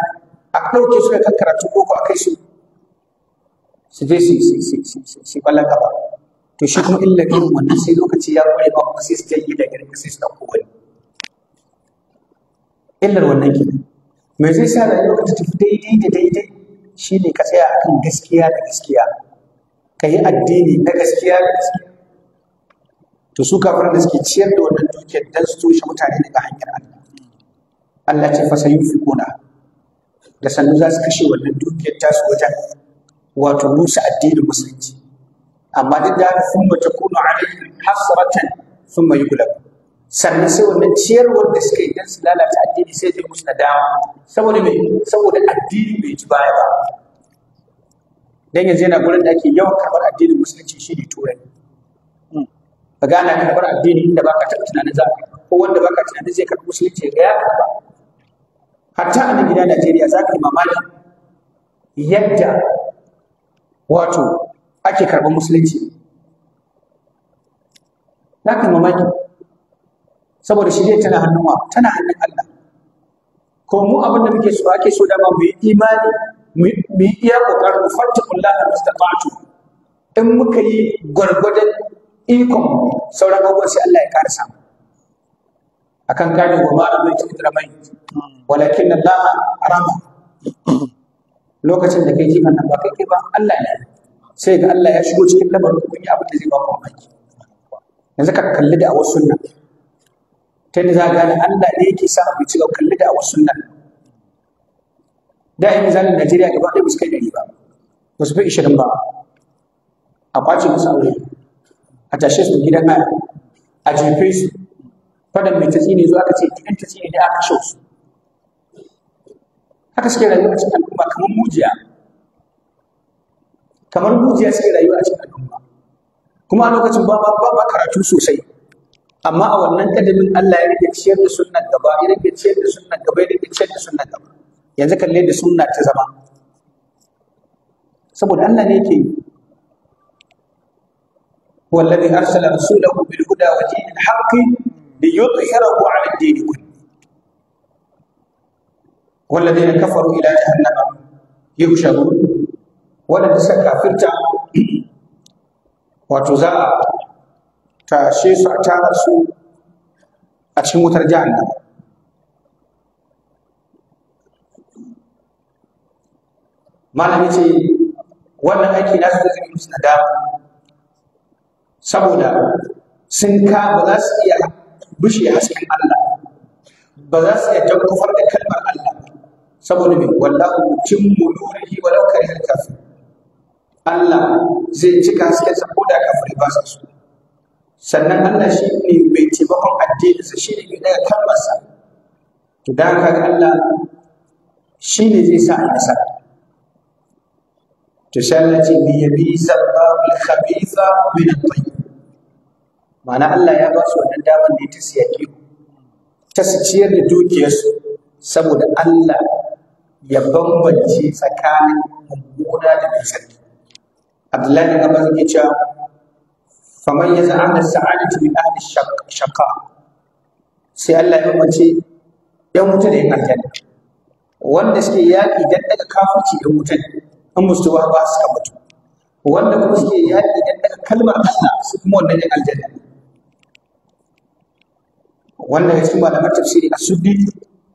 a ɗauke su da kan karatu boko a kai su su je su su kwallon kafa to shi kuma illa irin wannan sai lokaci ya kware ba kuma sai su janye da garin sai su ɗauko wani illar wannan ke, me zai sa rayuwar ta tafi daidai da daidai shi ne ka tsaya akan gaskiya da gaskiya ka yi addini na gaskiya da gaskiya to su ka da suke ciyar da wannan dukiyar dan su toshe mutane daga hanyar Allah Allah ce fasa yufi kuna da sannu za su kashe wannan dukiyar tasu wajen wato rusa addinin musulunci amma duk da haka sun kuno a alaihim hasratan sun mai gulab sannan sai wannan ciyarwar da suka yi don su lalata addini sai ta musu nadama saboda mai saboda addini bai ji baya ba dan yanzu yana gurin da ake yawan karɓar addinin musulunci shi ne turai hmm. ka gana karɓar addini inda baka taɓa tunanin za ka ko wanda baka tunanin zai karɓi musulunci ga ya ba hatta a nan gida Najeriya za ka yi mamaki yadda wato ake karɓar musulunci na kan mamaki saboda shi shirya tana hannun wa tana hannun Allah ko mu abin da muke so ake so dama mu yi imani mu yi iya kokarin mu kullaha mustafatu in muka yi gwargwadon ikon sauran abubuwan sai Allah ya karsa mu akan kare wa ma'a mai tudramai walakin Allah rama lokacin da kai jifan nan ba kai ba Allah ne sai ga Allah ya shigo cikin labarin kun yi abin da zai ba ku mamaki yanzu ka kalli da awar sunna ta yadda za ka gane Allah ne yake sa abu ci kalli da awar sunna da yan misalin Najeriya gaba ɗaya ba su kai ɗari ba ba su fi ishirin ba a kwacin musu aure a tashe su gidan a jefe su fadan mai tatsi ne zuwa aka ce gidan tatsi ne da aka kashe su haka suke rayuwa a cikin al'umma kamar mujiya kamar mujiya suke rayuwa a cikin al'umma kuma a lokacin ba ba karatu sosai amma a wannan kadamin Allah ya rike ciyar da sunnan gaba ya rike ciyar da sunnan gaba ya rike ciyar da sunnan gaba yanzu kalle da sunna ta zama saboda Allah ne yake yi والذي أرسل رسوله بالهدى ودين الحق ليظهره على الدين كله والذين كفروا إلى جهنم يحشرون waɗanda suka kafirta wato za a tashe a tara su a cikin wutar jahannama malami ce wannan aiki na su da zai musu nadama saboda sun ba za su iya bushe Allah ba za su iya da kalmar saboda me wallahu mutimmu nurihi walau karihal kafin. Allah zai cika hasken saboda kafin ba sa so sannan Allah shi ne mai taimakon addininsa shi ne mai daga kalmarsa to da ga Allah shi ne zai sa a nasa to sai Allah ce bi yabi sallahu khabitha min al tayyib ma'ana Allah ya ba su wannan damar da ta siyaki ta su ciyar da dukiyarsu saboda Allah ya bambance tsakanin mummuna da mai abdullahi na abbas zuke cewa faman yaza an sa'adatu min ahli Shaka. sai Allah ya mace yan wuta da yin aljanna wanda suke yaƙi dan daga kafirci yan wuta an musu ba ba su mutu wanda kuma suke yaƙi dan daga kalmar Allah su kuma wannan yan aljanna wannan ya cikin malaman tafsiri a suddi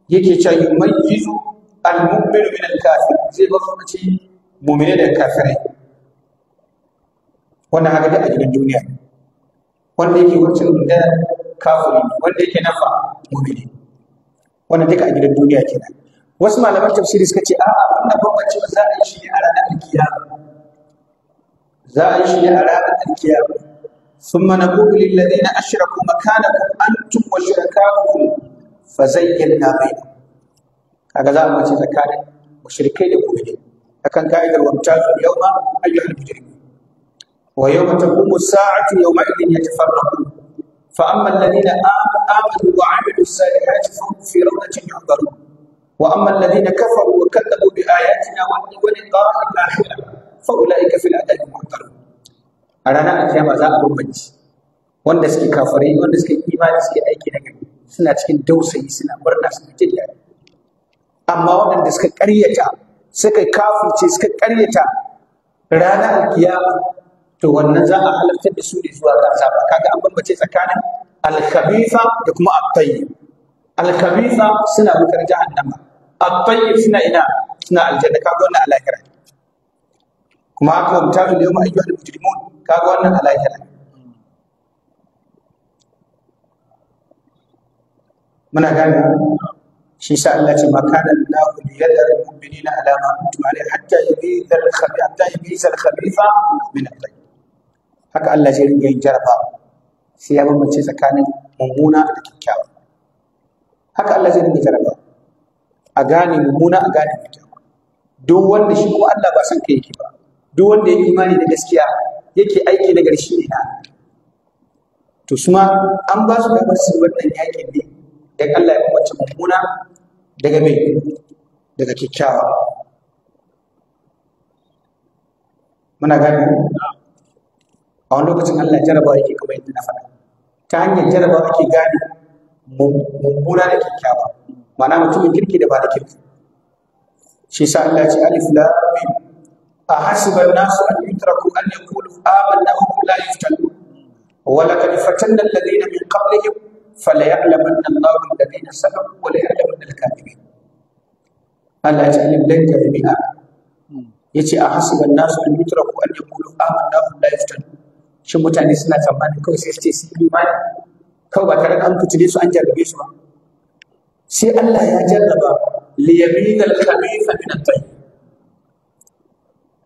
yake cewa yumayyizu al-mu'minu min al-kafir zai ce mu'mine da kafirai wannan haka da a gidan duniya wanda yake wancan da kafiri wanda yake nafa mu'mini wannan duka a gidan duniya kenan wasu malaman tafsiri suka ce a'a wannan bambanci ba za a yi shi ne a ranar alkiyama za a yi shi ne a ranar alkiyama ثم نقول للذين أشركوا مكانكم أنتم وشركاؤكم فزينا بينكم kaga za mu ce tsakanin mushrikai da mu'mini akan ka'idar wamtazu yawma ayyuhal mujrimun wa yawma taqumu as-sa'atu yawma idin yatafarraqun fa amma alladhina amanu wa 'amilus salihati fahum fi rawdatin yuhdarun wa amma alladhina kafaru wa kadzabu bi ayatina wa liqa'il akhirah fa ulaika fil adabi muhdarun a ranar alkiyama za a bambanci wanda suke kafirai wanda suke imani suke aiki na gari suna cikin dausayi suna murna suna jin amma waɗanda suka ƙaryata suka kafirce suka ƙaryata ranar alkiyama to wannan za a halartar da su ne zuwa ga ba kaga an bambace tsakanin Alkabifa da kuma at Alkabifa suna wutar jahannama at suna ina suna aljanna kaga wannan alakira kuma aka mutalu da yawma da mujrimun kaga wannan alakira muna gane shi sa Allah ce makana da li da mu'minina ala ma kuntu alai hatta yabiza al-khabitha hatta yabiza al-khabitha min al-tayyib haka Allah zai ringa yin sai ya bambance tsakanin mummuna da kyakkyawa haka Allah zai ringa jarfa a gane mummuna a gane kyakkyawa duk wanda shi ko Allah ba san kai yake ba duk wanda ya imani da gaskiya yake aiki na garshi ne na to suma an ba su damar su wannan yakin ne dan Allah ya bambance mummuna daga mai daga kyakkyawa muna gane a wani lokacin Allah jarabawa yake kamar yadda na faɗa ta hanyar jarabawa ake gane mummuna da kyakkyawa ma'ana mutumin kirki da ba da kirki shi sa Allah ce alif la mim a hasiban nasu an yutraku an yaqulu amanna wa hum la yuftanun wa laqad fatanna alladhina min qablihim فليعلمن الله الذين صدقوا وليعلمن الكاذبين Allah ya ce alim dan jami'a yace a hasiban nasu an yutraku an yaqulu amanna hum la yuftanu shin mutane suna tsammanin kawai sai suke ce su imani kawai ba tare da an fitile su an jarrabe su ba sai Allah ya jarraba li yamina al khabitha min at tayyib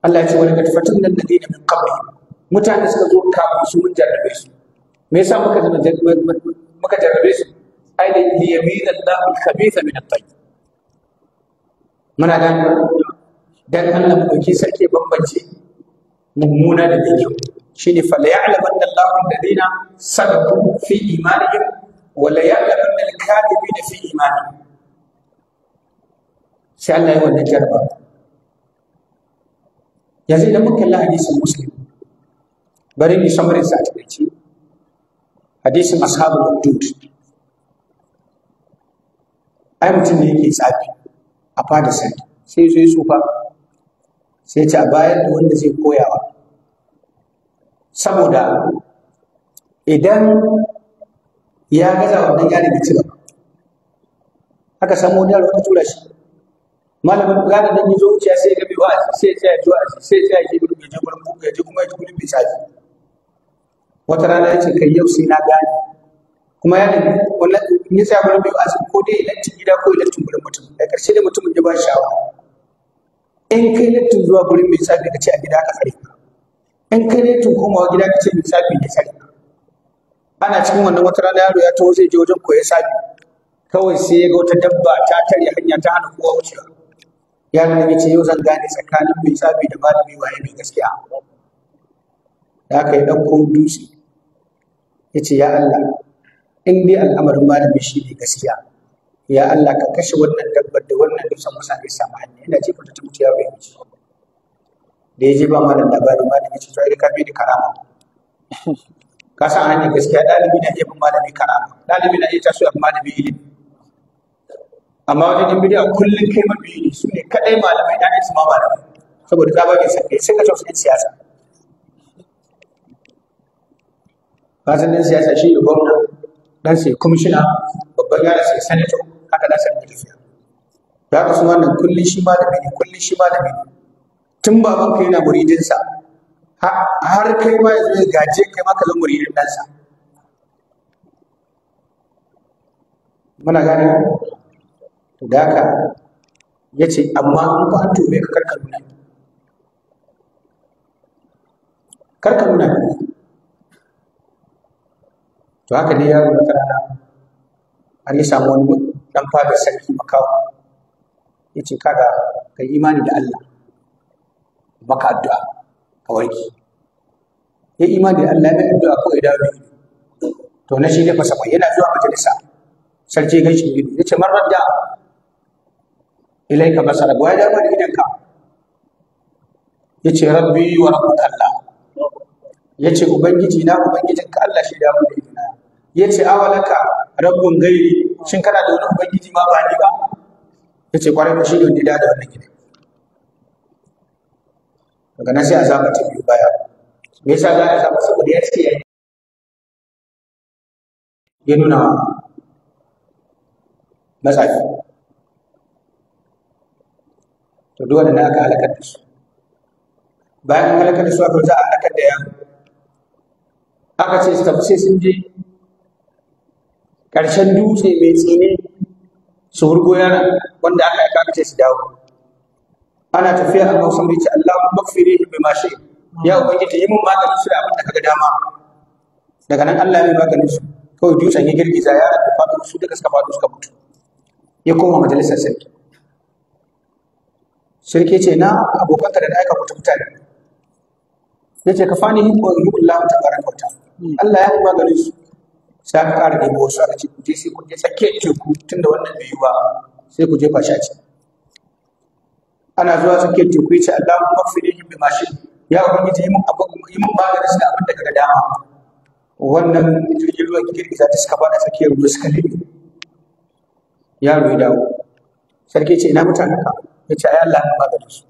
Allah ya ce wani kad fatanna alladhina min qablihim mutane suka zo kafin su mun jarrabe su me yasa muka zama muka jarrabe su ai da liyamin Allah al-khabitha min at-tayyib muna gane dan Allah mu dauki sarki bambance mummuna da mai shine fa la ya'lamanna Allahu alladhina sadaqu fi imanihim wa la ya'lamanna al-kadhibina fi imanihim sai Allah ya wannan jarba yanzu idan muka kalli hadisin muslim bari ni samarin sa a takaice hadisin ashabul hudud ai mutum ne yake tsafi a fada sai sai sai tsufa sai ce a bayan da wanda zai koyawa saboda idan ya gaza wannan ya daga cigaba aka samu wani yaro aka tura shi malamin gane nan ya zo sai ya ga bai wa'azi sai ya tsaya ya wa'azi sai ya tsaya ya ji ya je gurin ya je kuma ya ji gurin bai wata rana ya ce kai yau sai na gane kuma ya nemi wallahi in ya tsaya gurin biyu ko dai lantin gida ko lantin gurin mutum da ƙarshe da mutumin ya ba shi shawara in kai lantin zuwa gurin mai tsafi ka ce a gida ka tsare in kai lantin komawa gida ka ce mai tsafi ya tsare ana cikin wannan wata rana yaro ya taho zai je wajen koyon sabi kawai sai ya ga wata dabba ta tare hanya ta hana kowa wucewa yaron ya ce yau zan gane tsakanin mai tsafi da malami waye mai gaskiya da aka yi ɗauko dutse ya ce ya Allah in dai al'amarin malami shi ne gaskiya ya Allah ka kashe wannan dabbar da wannan dusan musa ne sa ma hannu ina jefa ta mutu ya bai ci da ya je ba malam labari malam ya ce to ai ka bi ni karama <laughs> ka san ne gaskiya dalibi na iya malami karama Dalibi na iya taso ya malami ilimi amma wajen yin bidiyo kullum kai mabiyi ne su ne kaɗai malamai da ake su ma malamai saboda tsabagen sa kai sai ka tausayin siyasa kasan nan siyasa shi ne gwamna dan sai kwamishina babban yara sai sanato haka da sanin tafiya da ka san wannan kullum shi malami ne kullum shi malami ne tun baban ka yana muridinsa har kai ma yanzu gaje kai ma ka zama muridin ɗansa muna gane da haka ya ce amma an ba an tobe ka karka nuna karka nuna to haka dai yaro da rana har ya samu wani dan fada sarki makawa ya ce kada ka yi imani da Allah maka addu'a ka warki ya imani da Allah mai addu'a kawai da wani to na shi ne fasa mai yana zuwa majalisa sarki gan shi ya ce marar da ilaika basara ba ya dawo da gidanka ya ce rabbi wa rabbuk Allah ya ce ubangiji na ubangijinka Allah shi dawo da yace awalaka rabbun gairi shin kana da wani ubangiji ma ba ni ba yace kwarai ba shi ne wanda da wannan gidan daga nan sai a zama ta biyu baya me yasa za a zama saboda ya ce ya nuna matsafi to duk wanda aka halakar da su bayan halakar da su aka za a halakar da yaro aka ce sai sun je ƙarshen dutse mai tsini su hurgo yana wanda aka yi aka su dawo ana tafiya a hausa mai ce Allah ne mai mashi ya ta, yi mun maganin su da abin da kaga dama daga nan Allah ya maganin su kawai dutsen ya girgiza ya faɗo su daga suka faɗo suka mutu ya koma majalisar sarki sarki ce na abokanka da aika mutu mutane ya ce ka fani hibbon yi Allah ta baraka Allah ya yi maganin su sai aka ƙara ɗebo wasu aka ce ku je sai ku je tsakiyar teku tun da wannan bai yi ba sai ku je shi a ce. ana zuwa tsakiyar teku ya ce Allahu mafilihim bi mashin ya ubangiji yi min yi mun maganin su da abin da kaga dama wannan jirgin ruwan girgiza ta suka faɗa tsakiyar ruwa suka lebe yaro ya dawo sarki ce ina mutanen ka ya ce ai Allah ya maganin su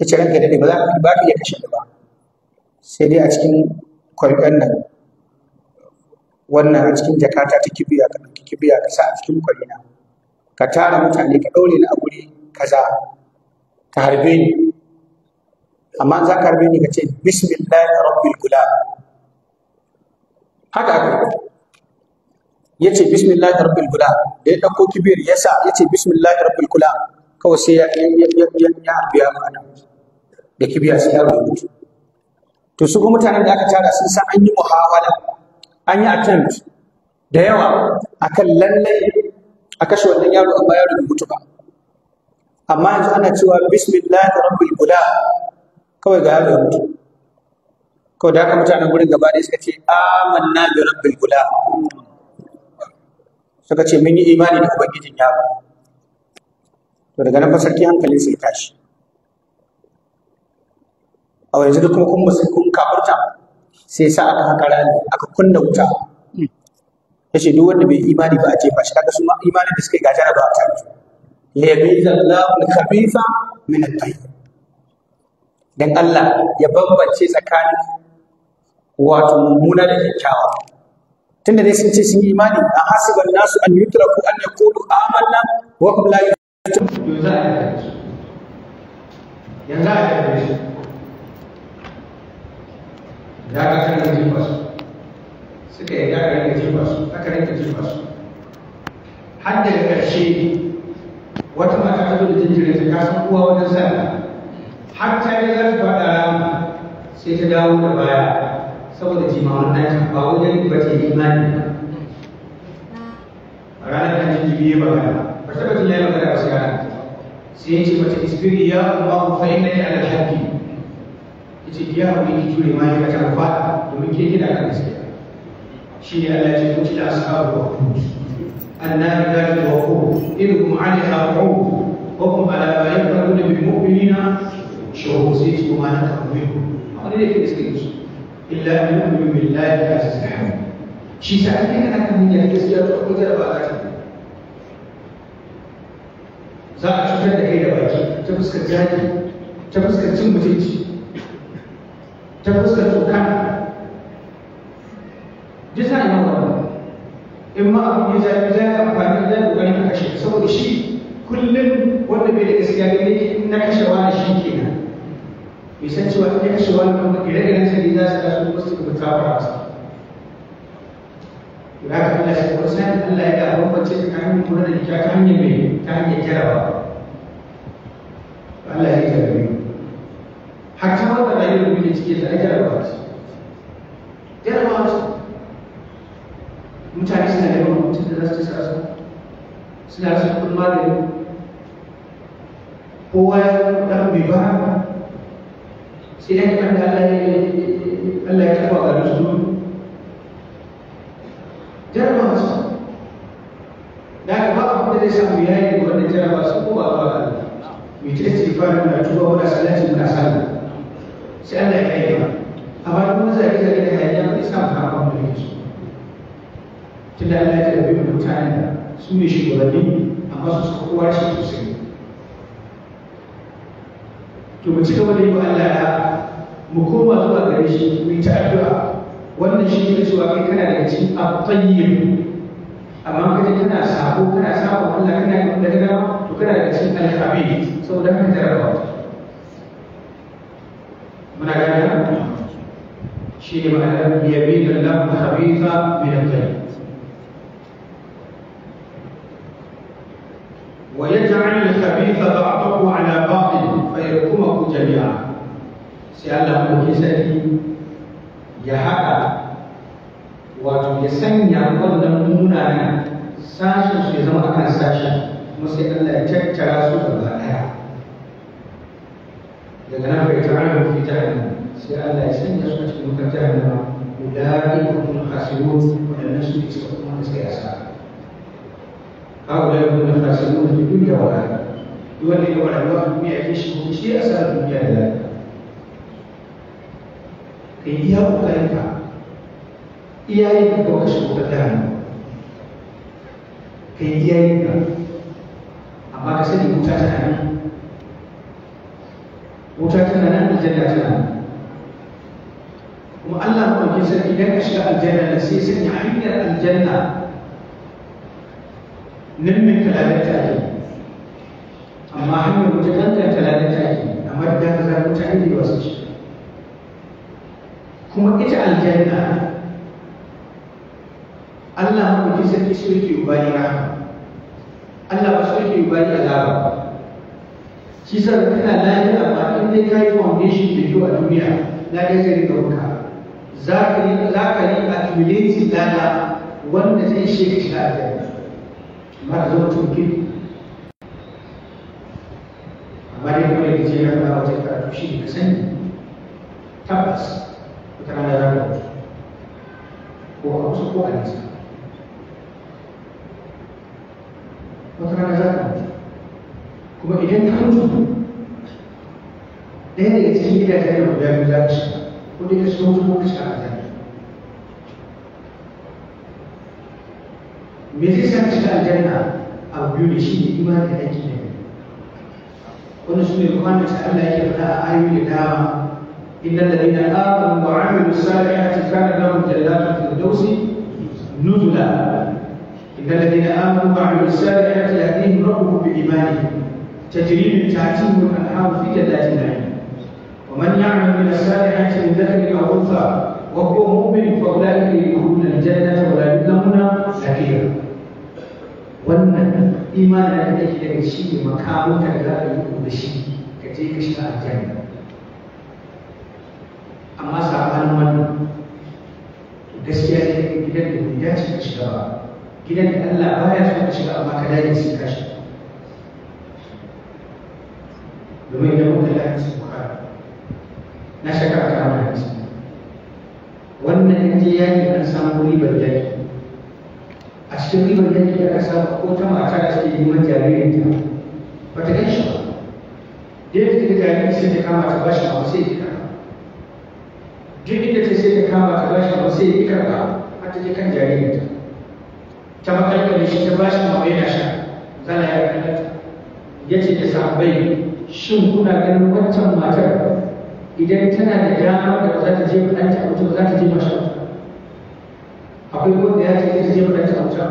ya ce ranka da ba za ka ba ka iya kashe ba sai dai a cikin kwarɓen nan wannan a cikin jakata ta kibiya ka ɗauki kibiya ka sa a cikin kwalina ka tara mutane ka ɗaure ni a guri kaza ka harbe ni amma za ka harbe ni ka ce bismillahi rabbil gulam haka aka ya ce bismillahi rabbil gulam da ya ɗauko kibiyar ya sa ya ce bismillahi rabbil gulam kawai sai ya harbe ya ma'ana da kibiyar sai ya rubutu to su kuma mutanen da aka tara sun san an yi muhawala an yi attempt da yawa akan lallai a kashe wannan yaro amma yaro da mutu ba amma yanzu ana cewa bismillah rabbul guda kawai ga yaro ya mutu kawai da haka mutanen gurin gaba ɗaya suka ce amanna bi rabbil guda suka ce mun yi imani da ubangijin yaro to daga nan fa sarki hankalin sai tashi a yanzu da kuma kun musulun kafurta sai sa aka haka rami aka kunna wuta ya ce duk wanda bai imani ba a jefa shi kaga su ma imani da suka yi gajara ba a ta ya yi zallahu al-khabitha min at-tayyib dan Allah ya bambance tsakanin wato mummuna da kyakkyawa tunda dai sun ce sun yi imani a hasiban nasu an yutraku an a amanna wa hum la yuftanu yanzu a yanzu ya ga kan da jefa su suka yi gagarin da jefa su aka rinka jefa su har da ƙarshe wata mata ta zo da jinjirin ta kasan uwa wajen sa har ta yi za su faɗa rama sai ta dawo da baya saboda jimawan ɗakin ba wajen ba ce imani ba a ranar da jin jibi ba ba ba ta batun ya yi magana ba sai ranar sai ya ce mace isbiri ya Allah fa inna ni ala haqqi أن yace ki ya hakuri ki jure ma ki ka fa domin ke kina kan gaskiya shine Allah ya ce kutila ashabu waqut annar ذات الوقود إذ هم عليها قعود وهم على ما يفعلون بالمؤمنين شهود سيتي وما نفعل منهم أقول لك إسكيوس إلا أن يؤمنوا بالله العزيز الحميد شي ساعتين أنا كان من يحكي سيارة وكذا بقى za a cutar da kai da baki ta fuskar jaki ta fuskar cin أ ta fuskar tsoka duk na yawan wannan in ma abu ya zafi za a amfani da kokarin a saboda shi kullum wanda bai da gaskiya gani in na kashewa da shi kenan bai san cewa in ya kashewa da kuma ire-iren sa ne za su taso kuma su kuma tsawara su to da haka Allah shi wani sa'in Allah ya ga bambance tsakanin mummuna da kyakkyawar hanyar mai ta Allah ya yi hatta wanda rayuwar muke ciki da ake rabawa ce jarabawa ce mutane suna da yawan mutum da za su ci sa suna da sun magani kowa ya dan bai ba sai dai kan da Allah ya kafa ga su jarabawa ce da ba abin da zai samu yayi wanda jarabawa su ko ba ba mai ce ce fa na tuba wani salati na salati sai Allah ya kai ba amma kuma zage zage da hayaniya ba isa ta hawa mu ne su tunda Allah ya karbi mutanen da su ne shugabanni amma su suka kowa ce sosai to mu ci gaba da yi wa Allah ya mu koma zuwa gare shi mu yi ta addu'a wannan shi ne kai kana da cikin at-tayyib amma kaje kana sabo kana sabo Allah kana da daga to kana da cikin al sau saboda haka jarabawa شيء على يمين الله خبيثا من الجنة. divorce shirki ubani na Allah ba shirki a zaba shi sa kana lafiya ba in dai kai foundation da yau a duniya na kai zai rika maka za ka yi za ka yi accumulating data wanda zai ishe shi lafiya aljanna amma ka zama tunkin amma dai kuma yake ce yana da wajen karatu shi ne ka sani tabbas wata rana za ka ko a wasu ko a nisa idan ta mutu ɗaya daga cikin gidajen da guda biyu za ta shiga ko dai ka shiga mutu ko ka shiga aljanna me zai sa ka shiga aljanna abu biyu ne shi ne imani da aiki ne wanda su ne kuma da Allah yake faɗa a ayoyi da dama إن الذين آمنوا وعملوا الصالحات كان لهم جنات الفردوس نزلا إن الذين آمنوا تجري من تحتهم الانهار في جنات النعيم ومن يعمل من الصالحات من ذكر او انثى وهو مؤمن فاولئك يدخلون الجنه ولا يظلمون سبيلا وان ايمان لديك يشيل مكانك لا يكون بشيء كتير كشف الجنه أما سأقول من تسيئة كده كده كده كده كده كده كده كده كده كده domin idan muka yi hadisi bukhari na shakka a kama hadisi wannan ya je yaki an samu ribar yaki a cikin ribar yaki da aka samu ko ta mata da take neman jaririnta ba ta gan shi ba da yake da jariri sai ta kama ta bashi abu sai ya kama duk inda ta sai ta kama ta bashi abu sai ya kama har ta je kan jaririnta ta makarkar shi ta bashi abu na sha zana ya kallata ya ce ta bai. shin kuna ganin wancan matar idan tana da dama da za ta je ta wuce ba za ta je mashi akwai wanda ya ce ta je ba ta wuce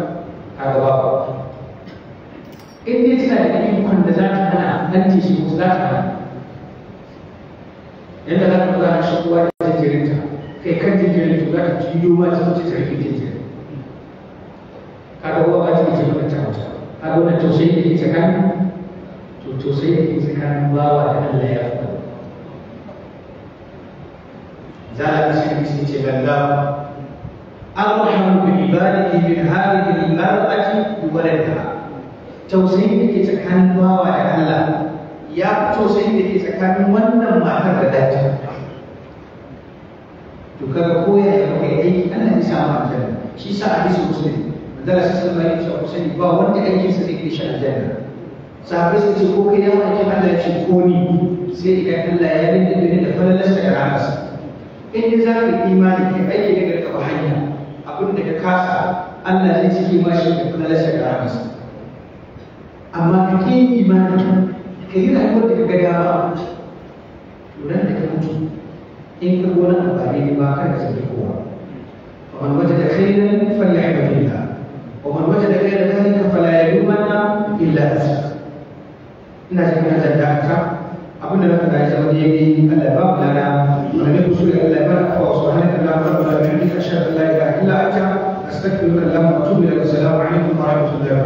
a gaba in dai tana da ikon da za ta hana ce shi ko za ta hana yadda za ta za ta kowa da jinjirinta kai kan jirgin ta za ta jiyo ma ta wuce ta rikin jinjirin kaga uwa ba ta je ɗanta a wuta kaga wannan tausayi da ke kan to sai da ke tsakanin bawa da Allah ya faɗa za a ci mutum ce gaggawa أرحم بعباده من هذه المرأة وولدها توسعين لك سكان باوى الله يا توسعين لك سكان وانا ما تردت تكر قوية يبقي أي أنا إنسان الجنة شي ساعة حديث مسلم مدرسة سلمان يتشعر حسين باوى وانا أي كيسا لك إشاء الجنة sahabai sai ce ko kai ne wani kin Allah ce ko ni sai idan Allah ya rinda dare da falalarsa da ramarsa in dai za imani ka da garkaba hanya abin da ka kasa Allah zai cike ma shi da falalarsa da ramarsa amma ka ke imani ka yi rayuwar da ka ga dama lura da ka mutu in ka gona amfani ba kar ka zabi kowa ومن وجد خيرا فليحمد الله ومن وجد غير ذلك فلا يلومن الا نفسه ina cikin na jadda abin da na faɗa ya zama daidai Allah ba mu lana wani ne kusuri Allah ya mana wa subhanaka Allahumma rabbana wa bihamdika ashhadu an la ilaha illa anta astaghfiruka wa atubu ilaik assalamu alaikum wa rahmatullahi